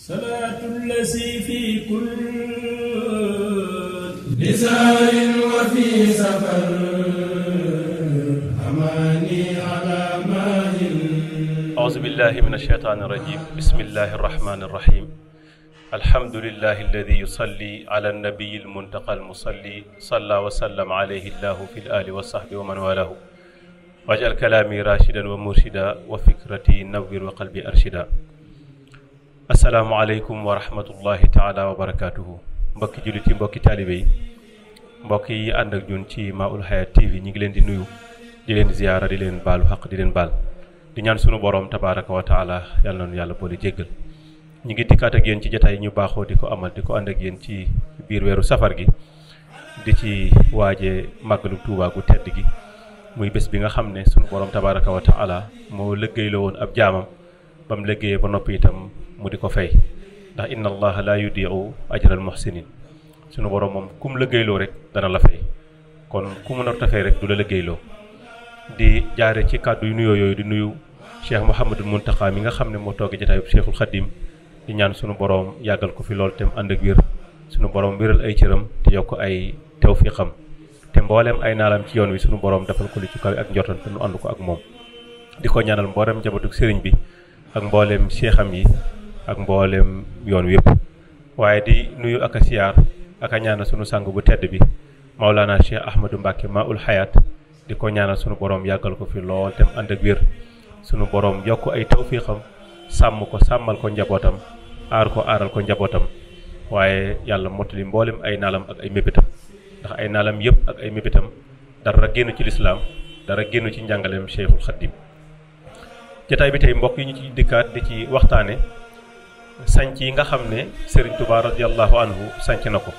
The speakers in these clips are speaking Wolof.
صلاة الذي في كل لسار وفي سفر أماني على أعوذ بالله من الشيطان الرجيم بسم الله الرحمن الرحيم الحمد لله الذي يصلي على النبي المنتقى المصلي صلى وسلم عليه الله في الآل والصحب ومن والاه واجعل كلامي راشدا ومرشدا وفكرتي نور وقلبي أرشدا asalaamualeykum wa rahmatullahi taala wa barakaatuhu mbokki jullit yi mbokki taalibe yi mbokk yi ànd ak ñun ci Maoul Hayaat TV ñu ngi leen di nuyu di leen ziyaara di leen baalu xaq di leen baal di ñaan sunu boroom tabaaraka wa taala yàlla noonu yàlla boole jéggal ñu ngi dikkaat ak yéen ci jotaay ñu baaxoo di ko amal di ko ànd ak yéen ci biir weeru safar gi di ci waaje màggalu Tuubaa gu tedd gi muy bés bi nga xam ne sunu borom tabaaraka wa woon ab jaamam ba mu ba noppi itam mu di ko fay ndax inna allaha la yudiu ajral muhsinin sunu borom moom kum liggéeyloo rek dana la fay kon ku mu narta fay rek du la liggéeyloo di jaare ci kàddu yu nuyoo yooyu di nuyu cheikh Mouhamadul Mountakha mi nga xam ne moo toogee jataayub cheikhul xadim di ñaan sunu borom yàggal ko fi lool tem ànd ak wér sunu borom wéral ay cëram te yokk ay tawfiqam te mbooleem ay naalam ci yoon wi sunu borom defal ko li ci kaw ak njortan te nu ànd ko ak moom di ko ñaanal mbooleem jabatug sëriñ bi ak mbooleem cheikham yi ak mboolem yoon wépp waaye di nuyu ak a siyaar ak a ñaanal sunu sang bu tedd bi Maulana Cheikh Ahmadou Mbacke Maoul Hayaat di ko ñaana sunu borom yàggal ko fi lool te ànd ak wér sunu borom yokk ay tawfiixam sàmm ko sàmmal ko njabootam aar ko aaral ko njabootam waaye yàlla mottali mboolem ay naalam ak ay mébétam ndax ay naalam yëpp ak ay mébétam dara génn ci lislaam dara génn ci njàngaleem Cheikhul Khadim jotaay bi tey mbokk yi ñu ci dikkaat di ci sanc yi nga xam ne Serigne Touba radiyallahu anhu sanc na ko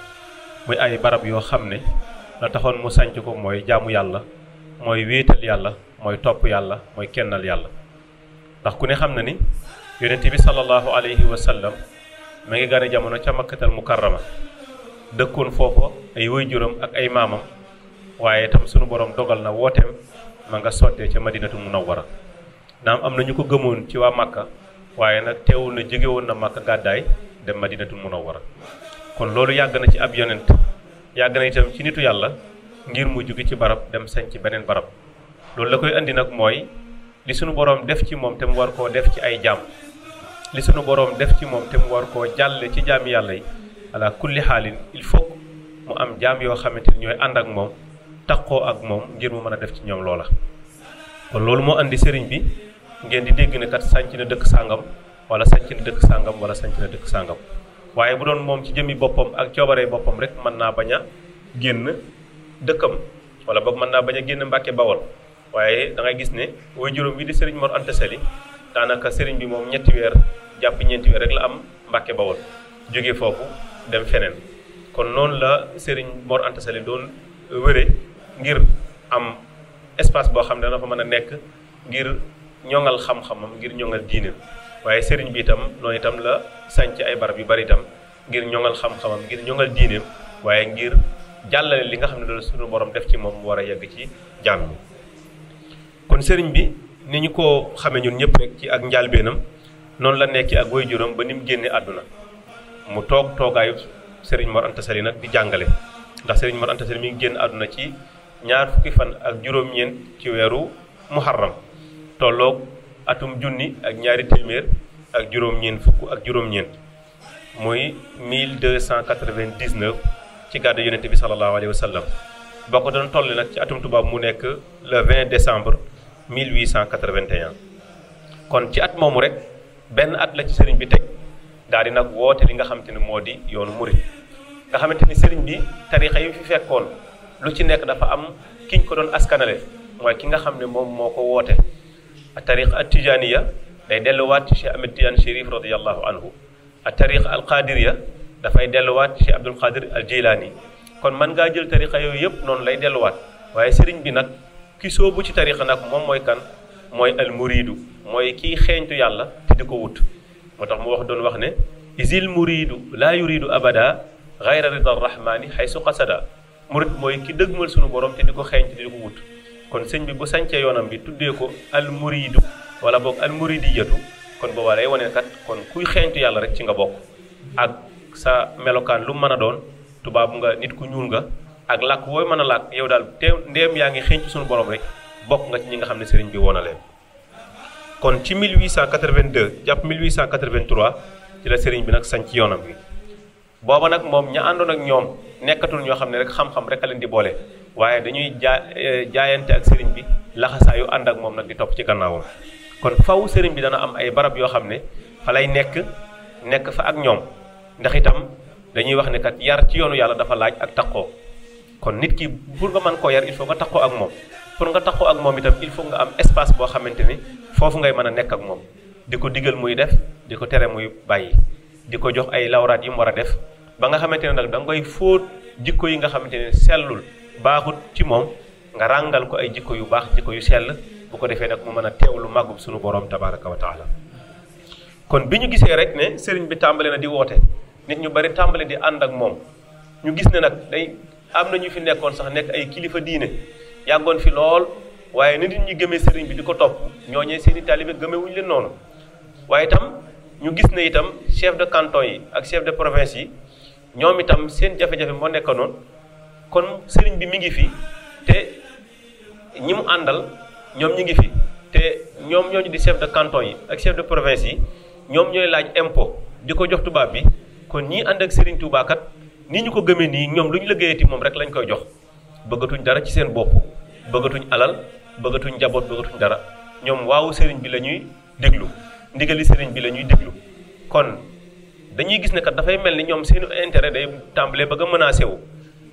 muy ay barab yoo xam ne la taxoon mu sanc ko mooy jaamu yàlla mooy wéetal yàlla mooy topp yàlla mooy kennal yàlla ndax ku ne xam na ni yonent bi sallallahu alayhi wa sallam ma ngi gane jamono ca makkatal mukarrama dëkkoon foo ko ay waajuram ak ay maamam waaye itam sunu boroom dogal na wooteem ma nga sottee ca madinatu munawwara naam am na ñu ko gëmoon ci waa Makka. waaye nag teewul na jege woon na Màkka gàddaay dem ma dinatul Madinatul a kon loolu yàgg na ci ab yonent yàgg na itam ci nitu yàlla ngir mu jóge ci barab dem sañ ci beneen barab loolu la koy indi nag mooy li sunu boroom def ci moom te mu war koo def ci ay jaam li sunu boroom def ci moom te mu war koo jàlle ci jaami yàlla yi ala kulli xaalin il faut mu am jaam yoo xamante ni ñooy ànd ak moom taqoo ak moom ngir mu mën a def ci ñoom loola kon loolu moo bi ngeen di dégg ne kat sànc na dëkk sàngam wala sànc na dëkk sàngam wala sànc na dëkk sàngam waaye bu doon moom ci jëmi boppam ak coobaree boppam rek mën naa bañ a génn dëkkam wala boog mën naa bañ a génn mbàkke bawol waaye da ngay gis ne way juróom bi di sëriñ Mor Anta Sali daanaka sëriñ bi moom ñetti weer jàpp ñeenti weer rek la am mbàkke bawol jóge foofu dem feneen kon noonu la sëriñ Mor Anta Sali doon wëre ngir am espace boo xam ne dana nekk ngir ñoŋal xam-xamam ngir ñoŋal diinam waaye sëriñ bi itam noonu itam la sanc ay barab yu bari itam ngir ñoŋal xam-xamam ngir ñoŋal diineem waaye ngir jàllale li nga xam ne loolu suñu borom def ci moom mu war a yegg ci jàmm bi kon sëriñ bi ni ñu ko xamee ñun ñëpp rek ci ak njaalbeenam noonu la nekk ak juróom ba ni mu génnee àdduna mu toog toogaayu sëriñ Mor Anta nag di jàngale ndax sëriñ Mor Anta Sali mi ngi génn àdduna ci ñaar fukki fan ak juróom-ñeent ci weeru muharram tolloog atum junni ak ñaari téeméer ak juróom-ñeent fukk ak juróom-ñeent muy 1299 ci gàddu yonente bi sallallahu alayhi wa sallam boo ko doon toll nag ci atum tubaab mu nekk le 20 décembre 1881 kon ci at moomu rek benn at la ci sëriñ bi teg daal di nag woote li nga xamante ni moo di yoonu mu murit nga xamante ni sëriñ bi tarixa yi fi fekkoon lu ci nekk dafa am kiñ ko doon askanale mooy ki nga xam ne moom moo ko woote الطريق التجانية day delluwaat ci Cheikh Ahmed Tidiane Chérif radiyallahu anhu a tariqa al qadiriya dafay delluwaat ci Cheikh Abdul Qadir al Jilani kon mën ngaa jël tariqa yooyu yëpp noonu lay delluwaat waaye sëriñ bi nag ki soobu ci tariqa nag moom mooy kan mooy al muridu mooy kiy xeeñtu yàlla te di ko wut moo tax mu wax doon wax ne isil muridu laa yuridu abada gayra rida arrahmani xaysu qasada murid mooy ki dëgmal sunu borom te di ko xeeñtu te di ko wut kon sëñ bi bu sancee yoonam bi tuddee ko al muridu wala bok al muridiyatu kon boobaa day wane kat kon kuy xeeñtu yàlla rek ci nga bokk ak sa melokan lu mën a doon tubaab nga nit ku ñuul nga ak lak, wooy mën a làkk yow daal te ndeem yaa ngi xeeñtu suñu borom rek bok nga ci ñi nga bi kon ci 1882 jàpp 1883 ci la sëriñ bi nag sanc yoonam bi booba nag moom ña àndoon ak ñoom nekkatul ñoo xam rek xam-xam rek di waaye dañuy eh, jaayante ak sëriñ bi yu ànd ak moom nag di topp ci gannaawam kon faw sëriñ bi dana am ay barab yoo xam ne fa lay nekk nekk fa ak ñoom ndax itam dañuy wax ne kat yar ci yoonu yàlla dafa laaj ak taqoo kon nit ki pour nga man koo yar il faut nga taqoo ak moom pour nga taqoo ak moom itam il faut nga am espace boo xamante ni foofu ngay mën a nekk ak moom diko ko digal muy def di ko tere muy bàyyi di ko jox ay lawraat yi mu war a def ba nga xamante ne nag da ngay fóot jikko yi nga xamante ne baaxut ci moom nga ràngal ko ay jikko yu baax jikko yu sell bu ko defee nag mu mën a teewlu màggub sunu borom tabaraka wa taala kon bi ñu gisee rek ne sëriñ bi tàmbale na di woote nit ñu bari tàmbale di ànd ak moom ñu gis ne nag day am na ñu fi nekkoon sax nekk ay kilifa diine yàggoon fi lool waaye nit ñi gëmee sëriñ bi di ko topp ñooñee seen i taalibe gëmewuñu leen noonu waaye itam ñu gis ne itam chef de canton yi ak chef de province yi ñoom itam seen jafe moo nekkoon kon serigne bi mi ngi fi te ñi andal ñom ñi ngi fi te ñom ñoo di chef de canton yi ak chef de province yi ñom ñoy laaj impôt di ko jox tuba bi kon ñi and ak serigne Touba kat ni ñu ko gëmé ni ñom lu ñu liggéeyati mom rek lañ koy jox bëggatuñ dara ci seen bopp bëggatuñ alal bëggatuñ jabot bëggatuñ dara ñom waawu serigne bi la déglu ndigali serigne bi la déglu kon dañuy gis ne kat dafay mel ni ñoom seen intérêt day tambalé bëgg a wu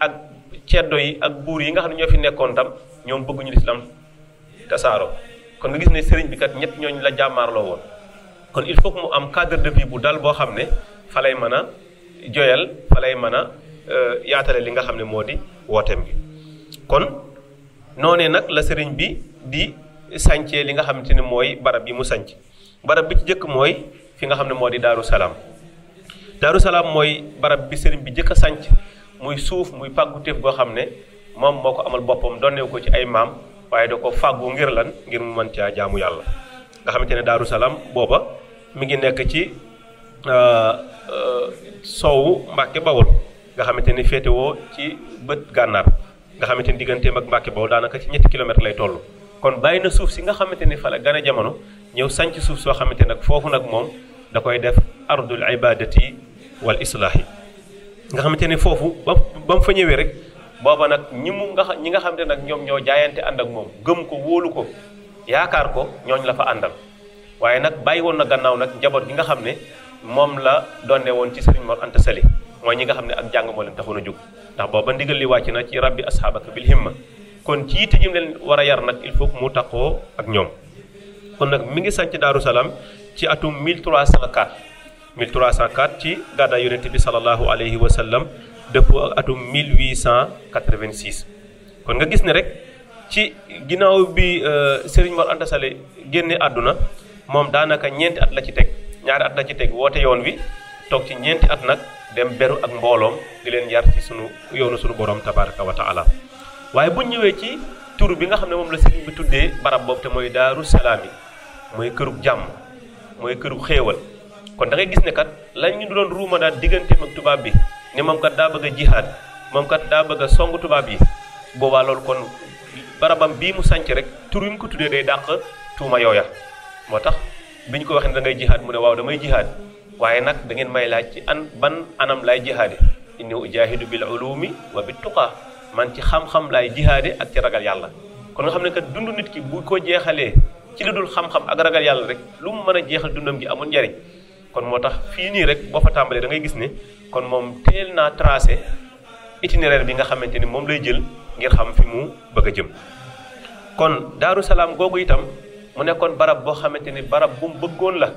ak ceddo yi ak buur yi nga xam ne ñoo fi nekkoon tam ñoom bëgguñu lislaam tasaaroo kon nga gis ne sëriñ bi kat ñett ñooñu la jàmmaarloo woon kon il faut que mu am cadre de vie bu dal boo xam ne fa lay mën a joyal fa lay mën a euh, yaatale li nga xam ne moo di wooteem bi kon noonee nag la sëriñ bi di sancee li nga xamante ne mooy barab yi mu sanc barab bi ci jëkk mooy fi nga xam ne moo di daaru salaam daaru salaam mooy barab bi sëriñ bi jëkk a sanc muy suuf muy fàgguteef goo xam ne moom moo ko amal boppam donnewu ko ci ay maam waaye da ko fàggu ngir lan ngir mu mën caa jaamu yàlla nga xamante ne daaru salaam booba mi ngi nekk ci euh, euh, soowu mbàkke bawol nga xamante ni woo ci bët gànnaar nga xamante ni diggante ak mbàkke bawol daanaka ci ñetti kilomètre lay toll kon bàyyi na suuf si nga xamante ni fa la a jamono ñëw sanc suuf soo xamante nag foofu nag moom da koy def ardul ibadati wal islaahi nga xamante ne foofu ba ba mu fa ñëwee rek booba nag ñi mu nga ñi nga xamante nag ñoom ñoo jaayante ànd ak moom gëm ko wóolu ko yaakaar ko ñooñ la fa àndal waaye nak bayyi woon na gannaaw nak njaboot gi nga xam ne moom la donne woon ci sëriñ mor anta sali mooy ñi nga xam ne ak jàng moo leen taxoon a jóg ndax booba ndigal li wàcc na ci rabbi bil himma kon ci tijim leen war a yar nag il faut mu taqoo ak ñoom kon nag mi ngi sanc daaru salaam ci atum 1304 1304 ci gàddaay yonent bi sallallahu alayhi wa sallam dëppoo ak atum 1886. kon nga gis ni rek ci ginnaaw bi euh, Serigne Mor Anta Sale génne àdduna moom daanaka ñeenti at la ci teg ñaari at la ci teg woote yoon wi toog ci ñeenti at nag dem beru ak mbooloom di leen yar ci sunu yoonu sunu borom tabaraka wa taala waaye bu ñëwee ci tur bi nga xam ne moom la Serigne bi tuddee barab boobu te mooy daaru salaam yi mooy kërug jàmm mooy kërug xéewal kon da ngay gis ne kat lañ du doon ruuma daal digganteem ak tubaab bi ne moom kat daa bëgg a jihaad moom kat daa bëgg a song tubaab yi boobaa loolu kon barabam bii mu sanc rek tur wi mu ko tuddee day dàq tuuma yooya moo tax bi ñu ko waxee ne da ngay jihaad mu ne waaw damay jihaad waaye nag dangeen may laaj ci an ban anam laay jihaade inni ujaahidu bil ulumi wa bit tuqaa man ci xam-xam laay jihaade ak ci ragal yàlla kon nga xam ne kat dund nit ki bu ko jeexalee ci lu dul ak ragal yàlla rek lu mu mën a jeexal dundam gi amul njariñ kon motax fi ni rek bo fa tambalé da ngay gis ni kon mom tel na tracé itinéraire bi nga xamanteni mom lay jël ngir xam fi mu bëgg jëm kon daru salam gogu itam mu nekkon barab bo xamanteni barab bu bëggoon la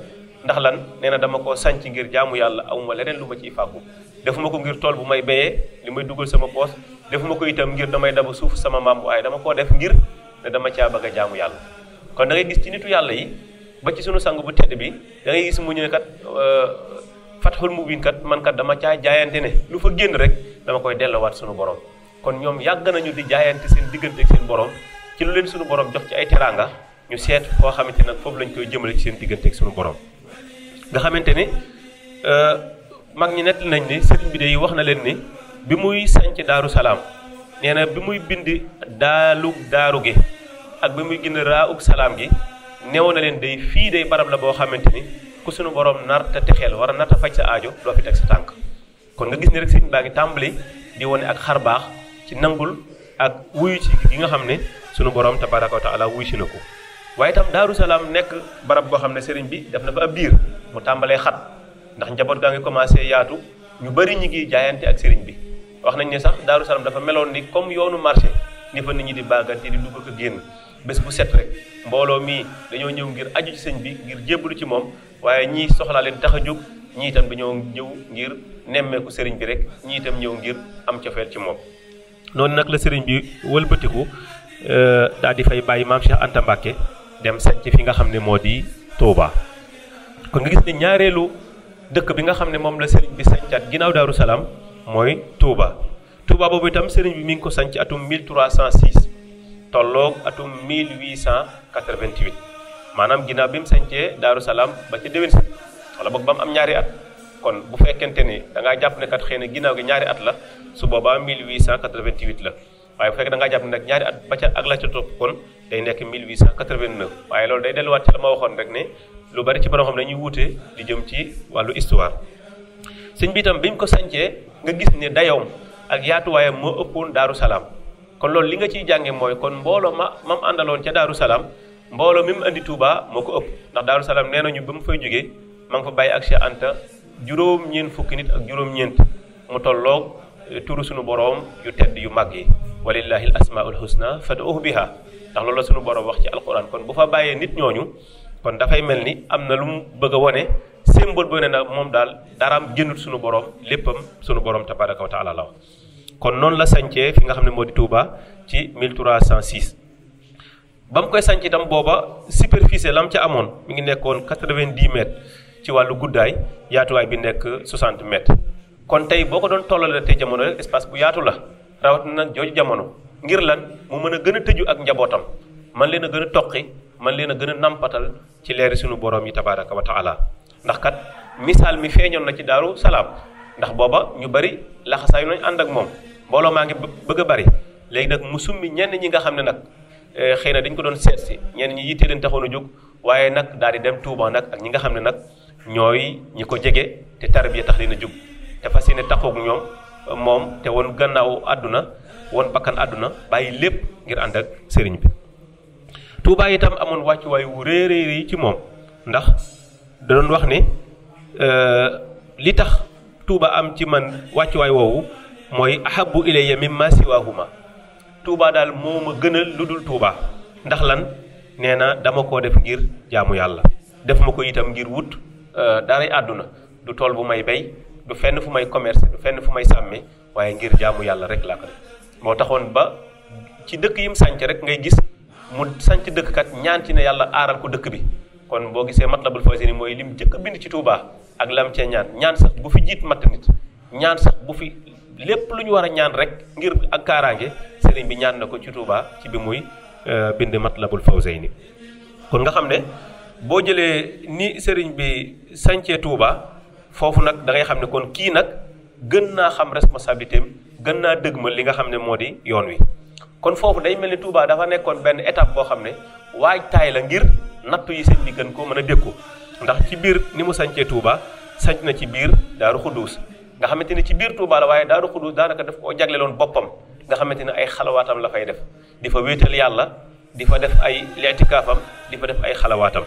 ndax lan neena dama ko sanci ngir jaamu yalla awuma leneen luma ci fàggu defumako ngir tol bu may beye limay duggal sama pos defumako itam ngir damay dabu suuf sama maam ay dama ko def ngir ne dama caa bëgg jaamu yalla kon da ngay gis ci nitu yalla yi ba ci sunu sang bu tedd bi da ngay gis mu ñu ne kat euh, fatxul mubin kat man kat dama caa jaayante ne lu fa génn rek dama koy dellowaat sunu borom kon ñoom yàgg nañu di jaayante seen diggante ak seen borom ci leen sunu borom jox ci ay teraanga ñu seet foo xamante nag foofu lañ koy jëmale ci seen diggante ak sunu nga xamante ni euh, mag ñi nett nañ ni sëriñ bi de wax na leen ni bi muy sanc daaru salaam nee bi muy bind daalug daaru gi ak bi muy gën raa raawug salaam gi. new na leen day fii day barab la boo xamante ni ku sunu borom nar te texeel war nar te faj sa aajo doo fi teg sa tànk kon nga gis ni rek sëñ baa ngi di wone ak xar baax ci nangul ak wuyu ci gi nga xam ne sunu borom tabaraka wa taala wuyu si na ko waaye itam daaru salaam nekk barab boo xam ne sëriñ bi def na fa ab biir mu tàmbalee xat ndax njaboot gaa ngi commencé yaatu ñu bari ñi ngi jaayante ak sëriñ bi wax nañ ne sax daaru salaam dafa meloon ni comme yoonu marché ni fa nit ñi di bàggante di dugg ko génn bes bu set rek mbolo mi dañu ñew ngir aju ci señ bi ngir jébbalu ci mom waye ñi soxla leen tax ñi tam dañu ñew dañoo ngir nemmeeku bi rek ñi tam ñew ngir am cofeel ci mom non nak la señ bi wëlbatiku euh, daal di fay bàyyi mam Cheikh Anta Mbacke dem ci fi nga xam modi toba ko nga gis ni ñaarelu dekk bi nga xam mom la señ bi sancaat ginaaw daru salam moy toba Touba bobu tam sëriñ bi mi ngi ko ci atum 1306 tolloog atum mille 1888 maanaam ginnaaw bi mu sañcee Daaru Salaam ba ca déwén sa wala boog ba mu am ñaari at kon bu fekkente ni da ngaa jàpp ne kat xëy ginnaaw gi ñaari at la su boobaa 1888 la waaye bu fekkee da ngaa jàpp ne nag ñaari at ba ca ak la ca topp kon day nekk 1889 waaye loolu day delluwaat ci la ma waxoon rek ne lu bari ci borom xam dañuy wuute li jëm ci wàllu histoire sëñ bi itam bi ñu ko sañcee nga gis ne dayoom ak yaatuwaayam moo ëppoon Daaru Salaam kon loolu li nga ciy jànge mooy kon mbooloo ma mam àndaloon ca Daaru Salaam mbooloo mi mu andi Touba moo ko ëpp ndax Daaru Salaam nee nañu ba mu fay jógee ma nga fa bàyyi ak Cheikh Anta juróom-ñeent fukki nit ak juróom-ñeent mu tolloog eh, turu sunu boroom yu tedd yu mag yi walillahi al asmaul husna fad'uhu biha ndax loolu la sunu boroom wax ci alquran kon bu fa bàyyee nit ñooñu kon dafay mel ni am na lu mu bëgg a wone symbole bu ne nag moom daal daraam jëndul sunu boroom léppam sunu boroom tabaraka wa taala la kon noonu la sancee fi nga xam ne moo di Touba ci 1306 ba mu koy sanc itam booba superficie lam ca amoon mu ngi nekkoon 90 mètres ci wàllu guddaay yaatuwaay bi nekk 60 mètres kon tey boo ko doon tollale tey jamono rek espace bu yaatu la na jooju jamono ngir lan mu mën a gën a tëju ak njabootam man leen a gën a toqi man leen a gën a nampatal ci leeri sunu borom yi tabaraka wa taala ndax kat misaal mi feeñoon na ci daaru salaam ndax booba ñu bari laxasaayu nañ ànd ak moom mbolo ma ngi bëgg bari légui nak mu summi ñen ñi nga xamne nak eh, xeyna dañ ko doon seet si ñenn ñi yitte leen taxono juk jóg nak daal di dem Touba nak ak ñi nga xamne nak ñoy ñi ko jégé té tarbiya tax leen juk té te taxo ak ñom mom té won gannaaw aduna won bakkan aduna bayyi lepp ngir and ak sëriñ bi Touba itam waccu way wu réeréer ré ci mom ndax da doon wax euh li tax Touba am ci man way woowu mooy ahabu ilayya mimma siwaahuma tuubaa daal moo ma a lu dul tuubaa ndax lan nee na dama koo def ngir jaamu yàlla defuma ko itam ngir wut euh, daray àdduna du tool bu may bay du fenn fu may commerce du fenn fu may sàmme waaye ngir jaamu yàlla rek laa ko moo taxoon ba ci dëkk yi mu sànc rek ngay gis mu sànc dëkk kat ñaan ne yàlla aaral ko dëkk bi kon boo gisee mat matlabul fawzayni mooy lim jëkk bind ci Touba ak lam cee ñaan ñaan sax bu fi jiit lépp lu ñu war a ñaan rek ngir ak kaaraange sëriñ bi ñaan na ko ci Touba ci bi muy euh, bind Matlabul Fawzayni kon nga xam ne boo jëlee ni sëriñ bi sancee Touba foofu nag da xam ne kon kii nag gën naa xam responsabilité gën naa dëgmal li nga xam ne moo di yoon wi. kon foofu day mel ni Touba dafa nekkoon benn étape boo xam ne waajtaay la ngir nattu yi sëñ bi gën koo mën a ko ndax ci biir ni mu sancee tuubaa sanc na ci biir Daaru Xuddus nga xamante ni ci biir Touba la waaye Daaru Xudus daanaka daf koo jagleloon boppam nga xamante ne ay xalawaatam la fay def di fa wéetal yàlla di fa def ay leetikaafam di fa def ay xalawaatam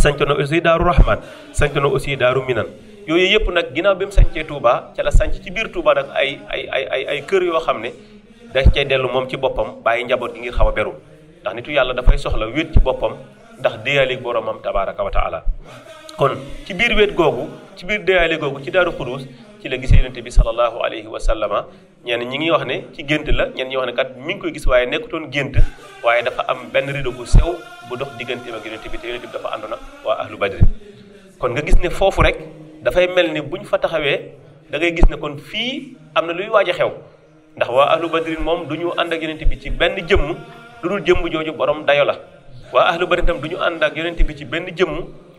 sanc na aussi Daaru Rahman aussi Daaru Minan yooyu yëpp nag ginnaaw bi mu sancee ca la sanc ci biir nag ay ay ay ay ay kër yoo xam ne da cay dellu moom ci boppam bàyyi njaboot gi ngir xaw a beru ndax nitu yàlla dafay soxla wéet ci boppam ndax déyalig boromam tabaraka wa taala kon ci biir wet googu ci biir deyaale googu ci daaru xurus ci la gisee yonente bi salallahu alayhi wa sallama ñen ñi ngi wax ne ci gént la ñen ñi wax ne kat mi ngi koy gis waaye nekkutoon gént waaye dafa am benn rido bu sew bu dox diggante ak yonente bi te yonente bi dafa àndoon ak waa ahlu badri kon nga gis ne foofu rek dafay mel ni buñ fa taxawee da ngay gis ne kon fii am na luy waaj xew ndax waa ahlu badrin moom du ñu ànd ak yonente bi ci benn jëmm lu dul jëmm jooju borom dayo la waa ahlu badrin tam du ñu ànd ak yonente bi ci benn jëmm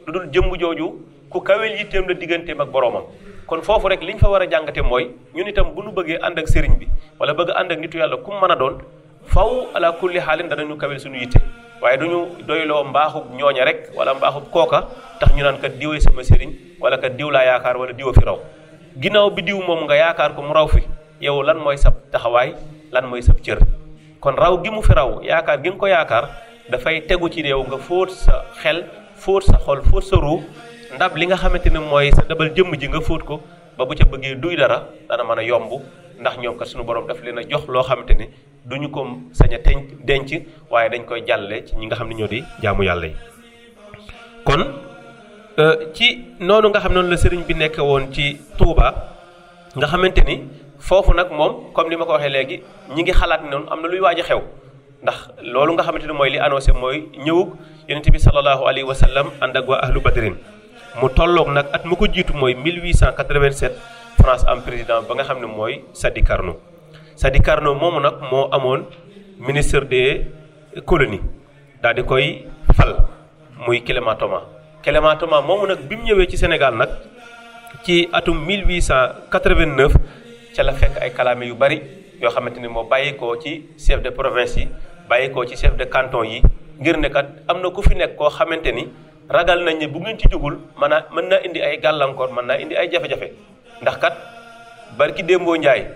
lu dul jëmm jooju ku kaweel yitteem la digganteem ak boroomam kon foofu rek li ñu fa war a jàngate mooy ñun itam bu nu bëggee ànd ak sëriñ bi wala bëgg ànd ak nitu yàlla kum mu mën a doon faw li kulli xaalin dañu kaweel suñu yitte waaye duñu doyloo mbaaxub ñooña rek wala mbaaxub kooka tax ñu naan kat diwee sama sëriñ wala kat diw laa yaakaar wala diwa fi raw ginnaaw bi diw moom nga yaakaar ko mu raw fi yow lan mooy sab taxawaay lan mooy sab cër kon raw gi fi raw yaakaar gi ko yaakaar dafay tegu ci réew nga fóot sa xel fóot sa xol fóot sa ruu ndab li nga xamante ne mooy sa dabal jëmm ji nga fóot ko ba bu ca bëggee duy dara dana mën a yomb ndax ñoom kat suñu borom daf leen a jox loo xamante ni duñu ko saña a tenc denc waaye dañ koy jàlle ci ñi nga xam ne ñoo di jaamu yàlla yi kon euh, ci noonu nga xam noonu la sëriñ bi nekkee woon ci Touba nga xamante ni foofu nag moom comme li ma ko waxee léegi ñi ngi xalaat noonu am na luy waaj a xew ndax loolu nga xamante ni mooy li annoncé mooy ñëwug yonente bi sallallahu alayhi wa sallam ak wa ahlu badrin mu tollok nak at mu ko jitu moy 1887 France am president ba nga xamne moy Sadi Carnot Sadi Carnot moomu nak mo amone ministre des colonies dal di koy fal muy Clément Thomas Clément Thomas moomu nag bi ki ci Sénégal nak ci atum 1889 ci la fekk ay kalamé yu bari yo xamanteni mo bayiko ci chef de province yi bayiko ci chef de canton yi ngir ne am na ku fi nekk koo xamante ni ragal nañ ne bu ngeen ci jógul mën naa mën naa indi ay gàllankoor mën naa indi ay jafe-jafe ndax kat barki démboo Ndiaye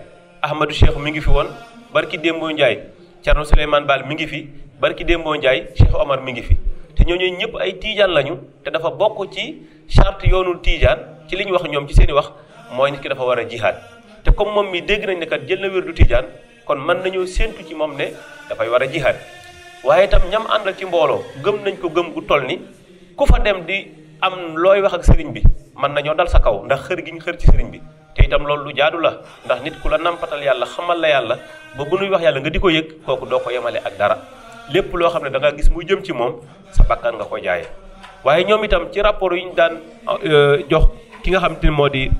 Ahmadou Cheikh mi ngi fi woon barki démboo Ndiaye Thierno Souleymane Baal mi ngi fi barki démboo Ndiaye Cheikh Omar mi ngi fi te ñoo ñooñu ñëpp ay tiijaan lañu te dafa bokk ci charte yoonu tiijaan ci li ñu wax ñoom ci seen i wax mooy nit ki dafa war a jihaad te comme moom mi dégg nañ ne jël na wér du tiijaan kon mën nañoo séentu ci moom ne dafay war a jihaad waaye tam ñam àndal ci mbooloo gëm nañ ko gëm gu toll ni ku fa dem di am looy wax ak sëriñ bi man nañoo dal sa kaw ndax xër gi ñu xër ci sëriñ bi te itam loolu lu jaadu la ndax nit ku la nampatal yàlla xamal la yàlla ba bu nuy wax yàlla nga di ko yëg kooku doo ko yemale ak dara lépp loo xam ne da nga gis muy jëm ci moom sa bakkan nga ko jaaye waaye ñoom itam ci rapport yi ñu daan euh, jox ki nga xam te moo di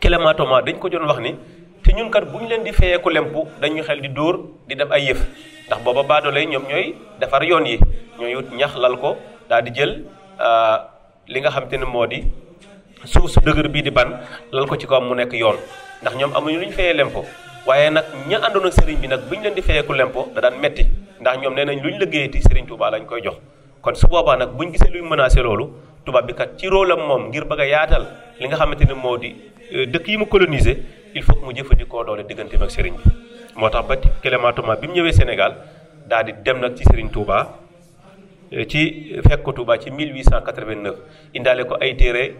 clématoma dañ ko joon wax ni te ñun kat leen di feyeeku lemp dañu xel di dóor di dem ay yëf ndax booba baado lay ñoom ñooy defar yoon yi ñooy ñax lal ko daal di jël euh, li nga xam te ne moo di suuf su dëgër bii di ban lal ko ci kaw mu nekk yoon ndax ñoom amuñu luñ fayee lempo waaye nag ña àndoon ak sëriñ bi nag buñ leen di fayeeku lempo da daan metti ndax ñoom nee nañ luñ ti sëriñ Touba lañ koy jox kon su boobaa nag buñ gisee luy menacé loolu tubaab bi kat ci rôlam moom ngir bëgg a yaatal li nga xamante ne moo di euh, dëkk yi mu coloniser il faut mu jëfandikoo doole digganteem ak sëriñ bi moo tax ba Clément Thomas bi mu ñëwee Sénégal daal di dem nag ci sëriñ Touba euh, ci fekk ko Touba ci 1889 indaale ko ay téere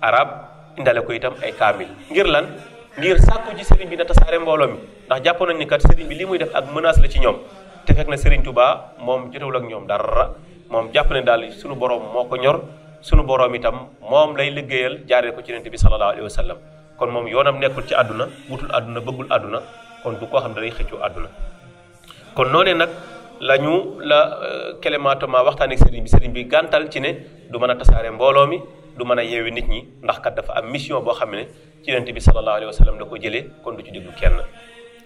arab indaale ko itam ay kaamil ngir lan ngir sàkku ci Serigne bi na tasaare mbooloo mi ndax jàpp nañ ni kat Serigne bi li muy def ak menace la ci ñoom te fekk na Serigne Touba moom jotewul ak ñoom dara moom jàpp ne daal suñu borom moo ko ñor sunu borom itam moom lay liggéeyal jaaree ko ci Yonent bi sallallahu alayhi wa sallam kon moom yoonam nekkul ci àdduna wutul àdduna bëggul àdduna kon du ko xam dañuy xëccu àdduna kon noone nag lañu la euh, kelemato ma waxtaan ak sëriñ bi sëriñ bi gàntal ci ne du mën a tasaare mbooloo mi du mën a yeewi nit ñi ndax kat dafa am mission boo xam ne ci yonente bi salallahu alayhi wasallam da ko jëlee kon du ci déglu kenn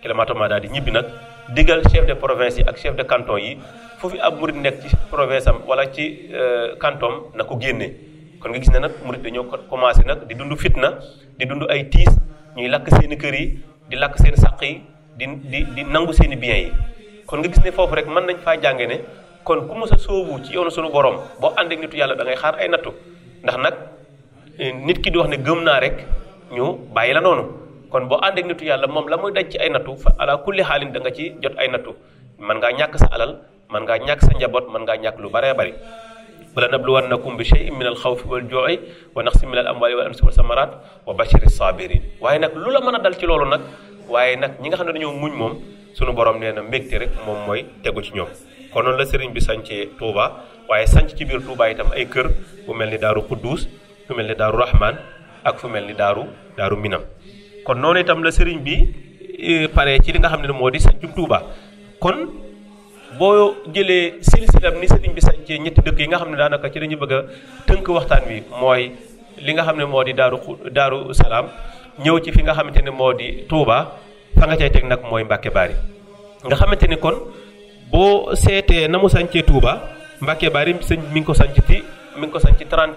daal di ñibbi nag digal chef de province yi ak chef de canton yi fu fi ab murid nekk ci province am wala ci euh, canton na ko génne kon nga gis ne nag murid dañoo commencé nag di dund fitna di dund ay tiis ñuy lakk seen kër yi di lakk seen sàq yi di di di nangu seen i biens yi kon nga gis ne foofu rek mën nañ faa jànge ne kon ku mës a ci yoonu sunu borom boo ànd ak yàlla da xaar ay nattu ndax nag eh, nit ki di wax ne gëm naa rek ñu bàyyi la noonu kon boo ànd ak yàlla moom la muy daj ci ay nattu fa ala kulli xaalin da ci jot ay nattu mën ngaa ñàkk sa alal mën ngaa ñàkk sa njaboot mën ngaa ñàkk lu baree bari ولنبلونكم بشيء من الخوف والجوع ونقص من الاموال والانفس والثمرات وبشر الصابرين واي نك لولا ما ندال تي لولو نك واي نك نيغا خاندي نيو موج موم سونو بوروم نينا ميكتي رك موم موي تيغو سي نيوم كون لا سيرين بي سانتي توبا واي سانتي تي بير توبا ايتام اي كير بو ملني دارو قدوس بو ملني دارو الرحمن اك فو ملني دارو دارو مينام كون نوني تام لا سيرين بي باري تي ليغا خاندي مودي سانتي توبا كون boo jëlee silsilam ni sëriñ bi sañcee ñetti dëkk yi nga xam ne daanaka ci la ñu bëgg tënk waxtaan wi mooy li nga xam ne moo di daaru daaru salaam ñëw ci fi nga xamante ne moo di Touba fa nga cay teg nag mooy Mbacke Bari nga xamante ne kon boo seetee na mu sañcee Touba Mbacke Bari sëñ mi ngi ko sañc ci mi ngi ko ci sañc 31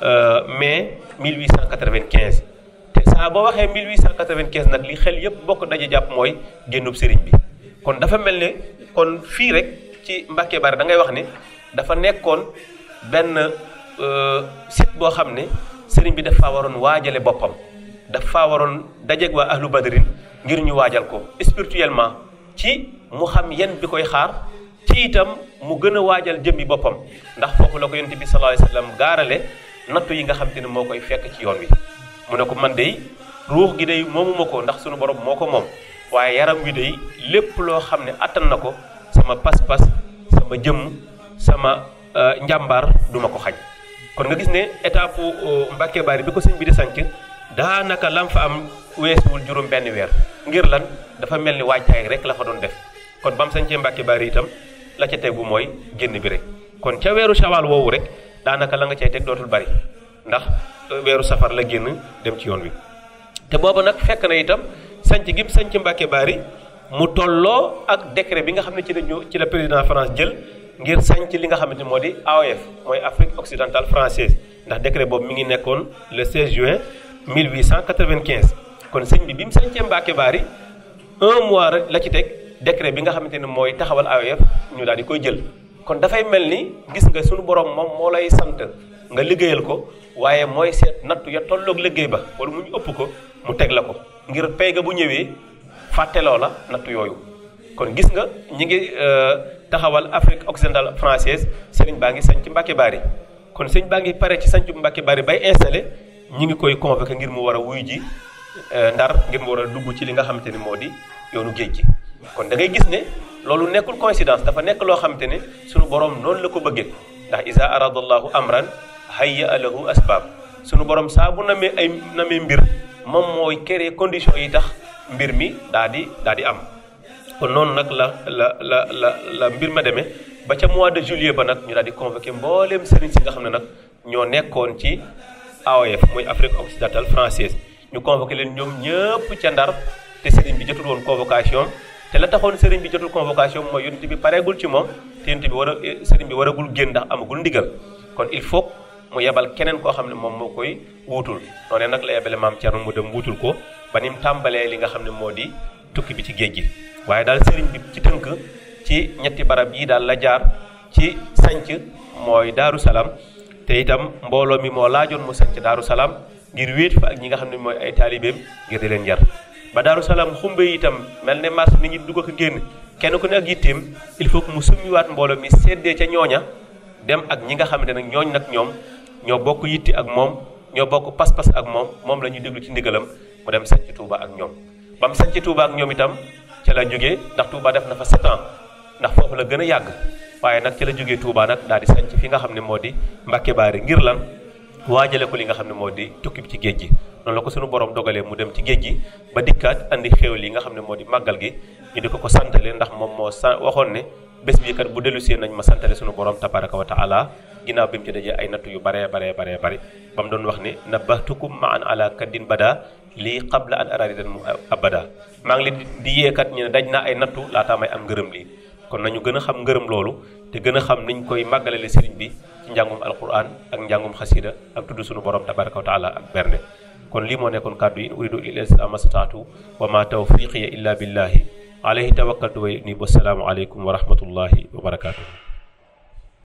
euh, mai 1895 te saa boo waxee 1895 nag li xel yëpp bokk daje jàpp mooy génnub sëriñ bi. kon dafa mel ne kon fii rek ci Mbàkke Bari da ngay wax ni dafa nekkoon benn euh, site boo xam ne sëriñ bi dafa waroon waajale boppam dafa waroon waa ahlu badrin ngir ñu waajal ko spirituellement ci mu xam yan bi koy xaar ci itam mu gën a waajal jëmmi boppam ndax foofu la ko yonent bi sallallahu alayhi wasallam gaarale nattu yi nga xam te ne koy fekk ci yoon bi mu ne ko man day ruux gi day moomuma ko ndax sunu borom moo ko waye yaram wi day lepp lo xamne atal nako sama pas-pas sama jëm sama euh, njambar duma ko xaj kon nga gis ne étape euh, mbàkke bari bi ko sëñ bi di da naka lam fa am wessul jurum ben wer ngir lan dafa mel ni rek la fa don def kon bam sañcee mbàkke bari itam la ca teggu moy genn bi rek kon ca weeru shawal woowu rek naka la nga cay tegg dotul bari ndax euh, weeru safar la genn dem ci yoon wi te bobu nak fekk na itam sanc gi mu sanc Mbacke Bari mu tolloo ak décret bi nga xam ne ci lañu ci la président France jël ngir sanc li nga xamante moo di AOF mooy Afrique occidentale française ndax décret boobu mi ngi nekkoon le 16 juin 1895 kon sëñ bi bi mu sancee Mbacke Bari un mois rek la ci teg décret bi nga xamante ne mooy taxawal AOF ñu daal di koy jël kon dafay mel ni gis nga suñu borom moom moo lay sant nga liggéeyal ko waaye mooy seet nattu ya tolloog liggéey ba wala mu ñu ëpp ko mu teg la ko ngir pay nga bu ñëwee fàtteloo la nattu yooyu kon gis nga ñi ngi euh, taxawal Afrique occidentale française sëriñ baa ngi ci Mbàkke Bari kon sëñ baa ngi pare ci sañ sañcu Mbàkke Bari bay installé ñi ngi koy convoqué ngir mu war a wuy ji euh, ndar ngir mu war a dugg ci li nga xamante ni moo di yoonu géej gi kon da ngay gis ne loolu nekkul coïncidence dafa nekk loo xamante ni sunu borom noonu la ko bëggee ndax isa aradallahu amran hayya lahu asbab sunu borom saa bu namee ay namee mbir moom mooy créer conditions yi tax mbir mi daa di daa am kon noonu nag la la la la la mbir ma demee ba ca mois de juillet ba nag ñu daal di convoqué mbooleem sëriñ si nga xam ne nag ñoo nekkoon ci AOF muy Afrique occidentale française ñu convoqué leen ñoom ñëpp ca ndar te sëriñ bi jotul woon convocation te la taxoon sëriñ bi jotul convocation mooy yonent bi pareegul ci moom te yonent bi war a sëriñ bi waragul génn ndax amagul ndigal kon il faut. mu yebal keneen koo xam ne moom moo koy wuutul noonee nag la yebale maam Thierno mu dem wuutul ko ba ni mu tàmbalee li nga xam ne moo di tukki bi ci géej gi waaye daal sëriñ bi ci tënk ci ñetti barab yi daal la jaar ci sanc mooy Daaru Salaam te itam mbooloo mi moo laajoon mu sanc Daaru Salaam ngir wéet fa ak ñi nga xam ne mooy ay taalibeem ngir di leen yar ba Daaru Salaam xumbe itam mel ne mars mi ngi dugg ak génn kenn ku ne ak yitteem il faut que mu summiwaat mbooloo mi seddee ca ñooña dem ak ñi nga xam ne ñooñ nag ñoom ñoo bokk yitti ak moom ñoo bokk pas-pas ak moom moom la déglu ci ndigalam mu dem sanc Touba ak ñoom ba mu ci Touba ak ñoom itam ca la jógee ndax Touba def na fa sept ndax foofu la gën a yàgg waaye nag ca la jógee Touba nag daal di sanc fi nga xam ne moo di Mbacke Baari ngir lan waajale ko li nga xam ne moo di tukki bi ci géej gi la ko sunu borom dogale mu dem ci géej gi ba dikkaat andi xéewal li nga xam ne moo di màggal gi ñu di ko ko santale ndax moom moo waxoon ne bés bi kat bu nañ ma santale sunu borom tabaraka wa taala ginnaaw bi mu ci dajee ay nattu yu bare bare bare bare ba mu doon wax ne ala kaddin bada lii qabla an araridan mu abada maa ngi di di kat ñu ne daj naa ay nattu may am ngërëm lii kon nañu gën a xam ngërëm loolu te gën a xam niñ koy màggalale sëriñ bi ci njàngum alquran ak njàngum xasida ak tudd sunu borom tabaraka wa taala ak berne kono limone kon kaddu in uridu il islam astatatu wa ma tawfiqiya illa billahi alayhi tawakkaltu wa ni wassalamu aleykum wa rahmatullahi wa barakatuh